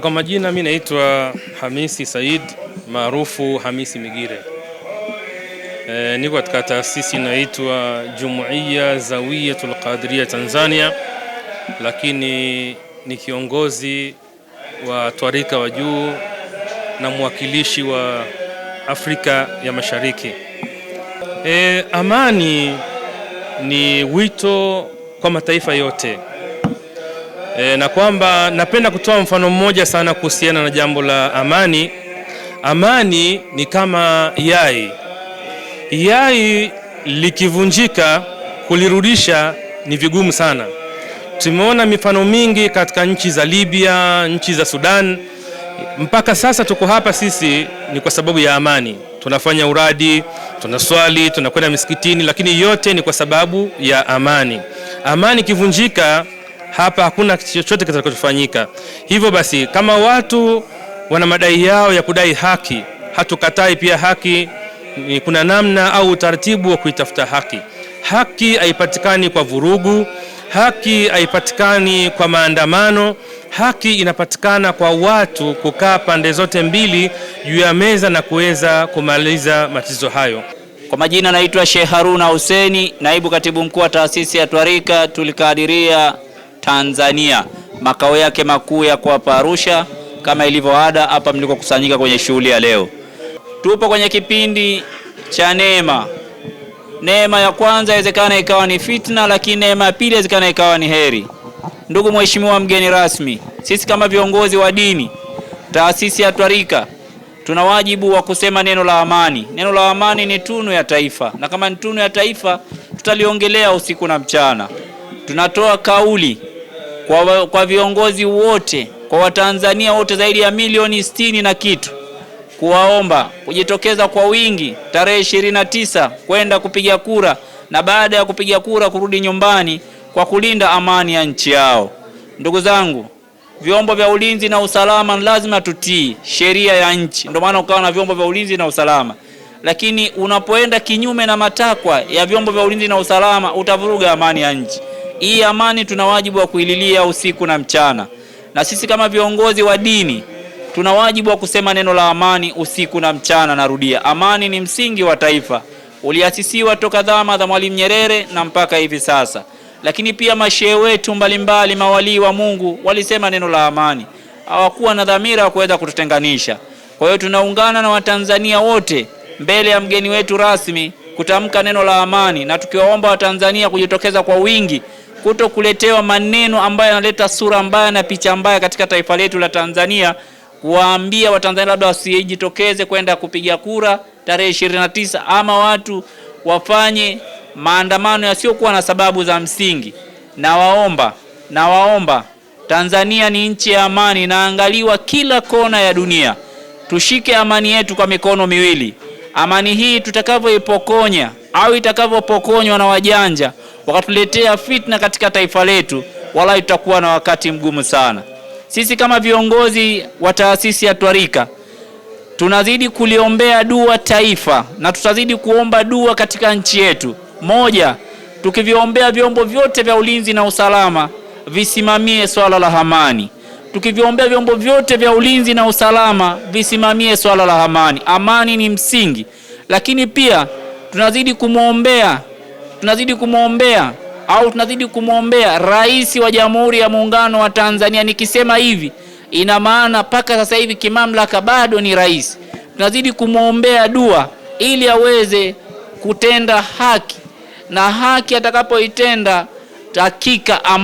Kwa majina mi naitwa Hamisi Said maarufu Hamisi Migire. E, niko katika taasisi inaitwa Jumuiya Zawiyatul Qadiria Tanzania, lakini ni kiongozi wa twarika wa juu na mwakilishi wa Afrika ya Mashariki. E, amani ni wito kwa mataifa yote e, na kwamba napenda kutoa mfano mmoja sana kuhusiana na jambo la amani. Amani ni kama yai, yai likivunjika kulirudisha ni vigumu sana. Tumeona mifano mingi katika nchi za Libya, nchi za Sudan. Mpaka sasa tuko hapa sisi ni kwa sababu ya amani. Tunafanya uradi, tunaswali, tunakwenda misikitini, lakini yote ni kwa sababu ya amani. Amani ikivunjika hapa hakuna chochote kitakachofanyika. Hivyo basi, kama watu wana madai yao ya kudai haki, hatukatai pia haki. Kuna namna au utaratibu wa kuitafuta haki. Haki haipatikani kwa vurugu, haki haipatikani kwa maandamano. Haki inapatikana kwa watu kukaa pande zote mbili juu ya meza na kuweza kumaliza matatizo hayo. Kwa majina, naitwa Sheikh Haruna huseni naibu katibu mkuu wa taasisi ya Twarika. Tulikadiria Tanzania, makao yake makuu yako hapa Arusha kama ilivyo ada, hapa mlikokusanyika kwenye shughuli ya leo. Tupo kwenye kipindi cha neema. Neema ya kwanza inawezekana ikawa ni fitna, lakini neema ya pili inawezekana ikawa ni heri. Ndugu mheshimiwa mgeni rasmi, sisi kama viongozi wa dini, taasisi ya Twarika tuna wajibu wa kusema neno la amani. Neno la amani ni tunu ya taifa, na kama ni tunu ya taifa tutaliongelea usiku na mchana. Tunatoa kauli kwa, kwa viongozi wote kwa Watanzania wote zaidi ya milioni sitini na kitu kuwaomba kujitokeza kwa wingi tarehe ishirini na tisa kwenda kupiga kura na baada ya kupiga kura kurudi nyumbani kwa kulinda amani ya nchi yao. Ndugu zangu, vyombo vya ulinzi na usalama lazima tutii sheria ya nchi, ndio maana ukawa na vyombo vya ulinzi na usalama. Lakini unapoenda kinyume na matakwa ya vyombo vya ulinzi na usalama, utavuruga amani ya nchi. Hii amani tuna wajibu wa kuililia usiku na mchana, na sisi kama viongozi wa dini tuna wajibu wa kusema neno la amani usiku na mchana. Narudia, amani ni msingi wa taifa, uliasisiwa toka dhama za Mwalimu Nyerere na mpaka hivi sasa. Lakini pia mashehe wetu mbalimbali, mawalii wa Mungu walisema neno la amani, hawakuwa na dhamira ya kuweza kututenganisha. Kwa hiyo tunaungana na Watanzania wote mbele ya mgeni wetu rasmi kutamka neno la amani, na tukiwaomba Watanzania kujitokeza kwa wingi kuto kuletewa maneno ambayo yanaleta sura mbaya na picha mbaya katika taifa letu la Tanzania, kuwaambia Watanzania labda wasijitokeze kwenda kupiga kura tarehe 29 ama watu wafanye maandamano yasiyokuwa na sababu za msingi. Nawaomba, nawaomba, Tanzania ni nchi ya amani, inaangaliwa kila kona ya dunia. Tushike amani yetu kwa mikono miwili. Amani hii tutakavyoipokonya au itakavyopokonywa na wajanja wakatuletea fitna katika taifa letu, wala tutakuwa na wakati mgumu sana. Sisi kama viongozi wa taasisi ya Twarika tunazidi kuliombea dua taifa na tutazidi kuomba dua katika nchi yetu. Moja, tukiviombea vyombo vyote vya ulinzi na usalama visimamie swala la amani. Tukiviombea vyombo vyote vya ulinzi na usalama visimamie swala la amani. Amani ni msingi, lakini pia tunazidi kumwombea tunazidi kumwombea au tunazidi kumwombea rais wa Jamhuri ya Muungano wa Tanzania. Nikisema hivi, ina maana mpaka sasa hivi kimamlaka bado ni rais. Tunazidi kumwombea dua ili aweze kutenda haki, na haki atakapoitenda hakika